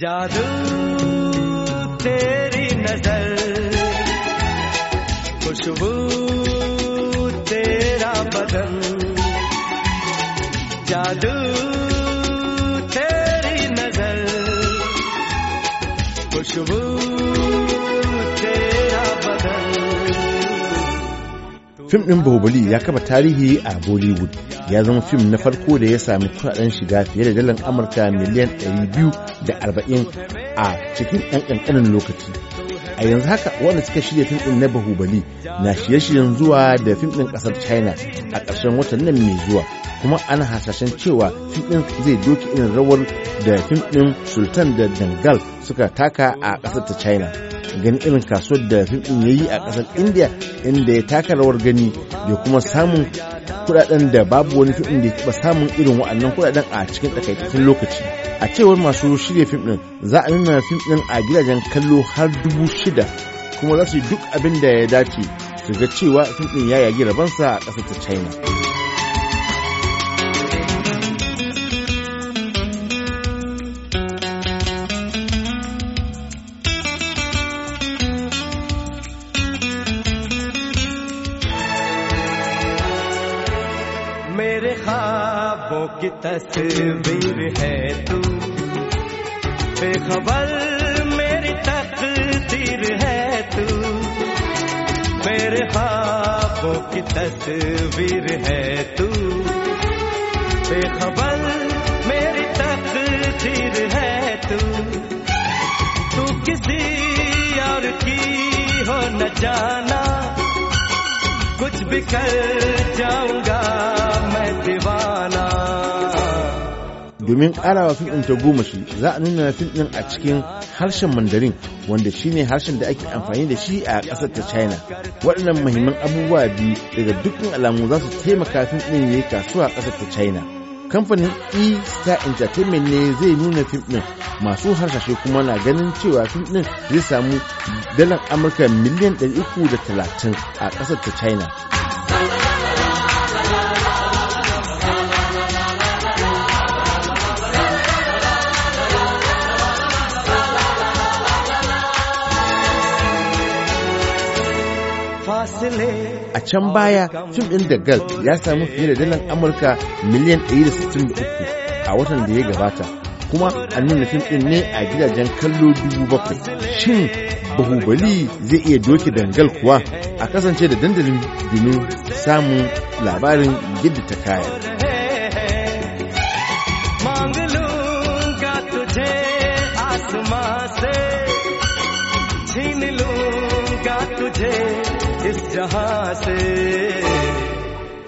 जादू तेरी नजर खुशबू तेरा बदन जादू तेरी नजर खुशबू fim ɗin bahubali ya kafa tarihi a bollywood ya zama fim na farko da ya sami kuɗaɗen shiga fiye da dalar amurka miliyan ɗari biyu da arba'in a cikin ɗan ƙanƙanin lokaci a yanzu haka wanda suka shirya fim ɗin na bahubali na shirye-shiryen zuwa da fim ɗin ƙasar china a ƙarshen watan nan mai zuwa kuma ana hasashen cewa fim ɗin zai doki irin rawar da fim ɗin sultan da dangal suka taka a ƙasar ta china gani irin kasuwar da fim ɗin ya yi a ƙasar india inda ya taka rawar gani da kuma samun kudaden da babu wani fim da ya taɓa samun irin wa'annan kudaden a cikin takaitaccen lokaci a cewar masu shirya fim ɗin za a nuna fim ɗin a gidajen kallo har dubu shida kuma za su yi duk abin da ya dace su ga cewa fim ɗin ya yagi rabansa a ƙasar china मेरे ख्वाबों की तस्वीर है तू बेखबर मेरी तकदीर है तू मेरे ख्वाबों की तस्वीर है तू बेखबर मेरी तकदीर है तू तू किसी और की हो न जाना कुछ भी कर जाऊंगा domin ƙarawa fim ɗin ta goma shi za a nuna fim ɗin a cikin harshen mandarin wanda shine harshen da ake amfani da shi a ƙasar ta china waɗannan mahimman abubuwa biyu daga dukkan alamu za su taimaka fim ɗin ya yi kasuwa a ƙasar ta china kamfanin e-star entertainment ne zai nuna fim ɗin masu harsashe kuma na ganin cewa fim ɗin zai samu dalar amurka miliyan 330 a ƙasar ta china A can baya, fim ɗin da Gal ya samu fiye da dalar Amurka miliyan 163 a watan da ya gabata. Kuma an nuna fim ɗin ne a gidajen kallo dubu bakwai. Shin bahubali zai iya doke dangal kuwa a kasance da dandalin domin samun labarin gidita ta kaya. Yeah. इस जहां से